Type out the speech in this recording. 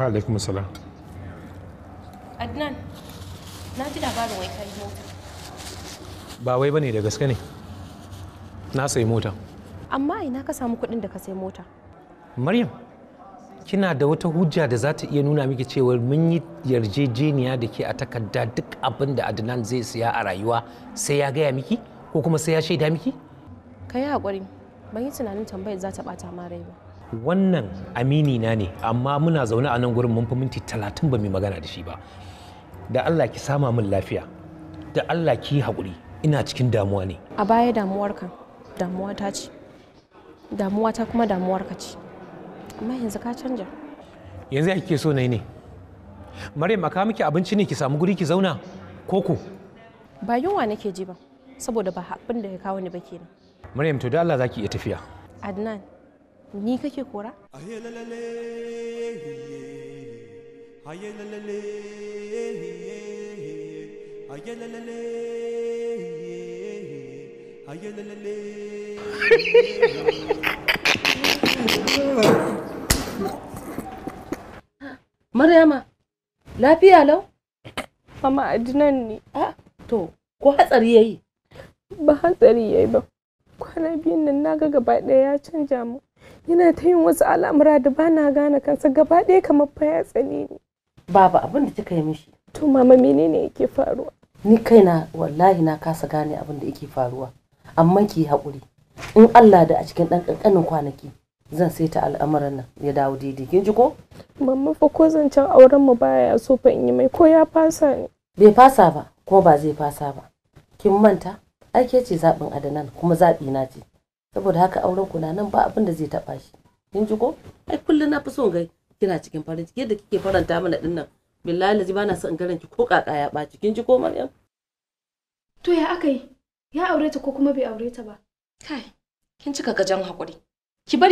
wa alaikum salam adnan na ji labarin wai kai mota ba wai bane da gaske ne na sayi mota amma ina ka samu kuɗin da ka sayi mota maryam kina da wata hujja da za ta iya nuna miki cewa mun yi yarjejeniya da ke a takarda duk abin da adnan zai siya a rayuwa sai ya gaya miki ko kuma sai ya shaida miki ka yi haƙuri ban yi tunanin tambayar za ta ɓata ma rai ba wannan amini na ne amma muna zaune a nan gurin mun fi minti talatin ba mai magana da shi ba da Allah ki sama min lafiya da Allah ki haƙuri ina cikin damuwa ne a baya damuwarka damuwa ta ce damuwa ta kuma damuwarka ce amma yanzu ka canja yanzu ake so na yi ne Maryam aka miki abinci ne ki samu guri ki zauna koko ba yunwa nake ji ba saboda ba haɓin da ya kawo ni ba kenan Maryam to da Allah zaki iya tafiya Adnan ni kake kora? Maryama, lafiya lau? Mama adinan ne. Ah, to, ko hatsari yayi? Ba hatsari yayi ba. Kwana biyun nan naga gaba ɗaya ya canja mu. yana ta yin wasu al'amura da ba na gane kansa gaba ɗaya kamar fa ya ne. baba abin da kika yi mishi to mama menene yake faruwa ni kaina wallahi na kasa gane abin da yake faruwa amma ki haƙuri in Allah da a cikin ɗan ƙanƙanin kwanaki zan saita al'amuran nan ya dawo daidai kin ji ko mamma fa ko zancen auren mu baya so fa in yi mai ko ya fasa ne bai fasa ba kuma ba zai fasa ba kin manta ai ke ce zaɓin adanan kuma zaɓi na ce saboda haka auren ku nan ba abin da zai taba shi kin ji ko ai kullun na fi son ga kina cikin farin ciki yadda kike faranta mana din nan billahi laji bana son garan ki ko kaka ya baci kin ji ko maryam to ya akai ya aure ko kuma bai aure ba kai kin cika gajan hakuri ki bari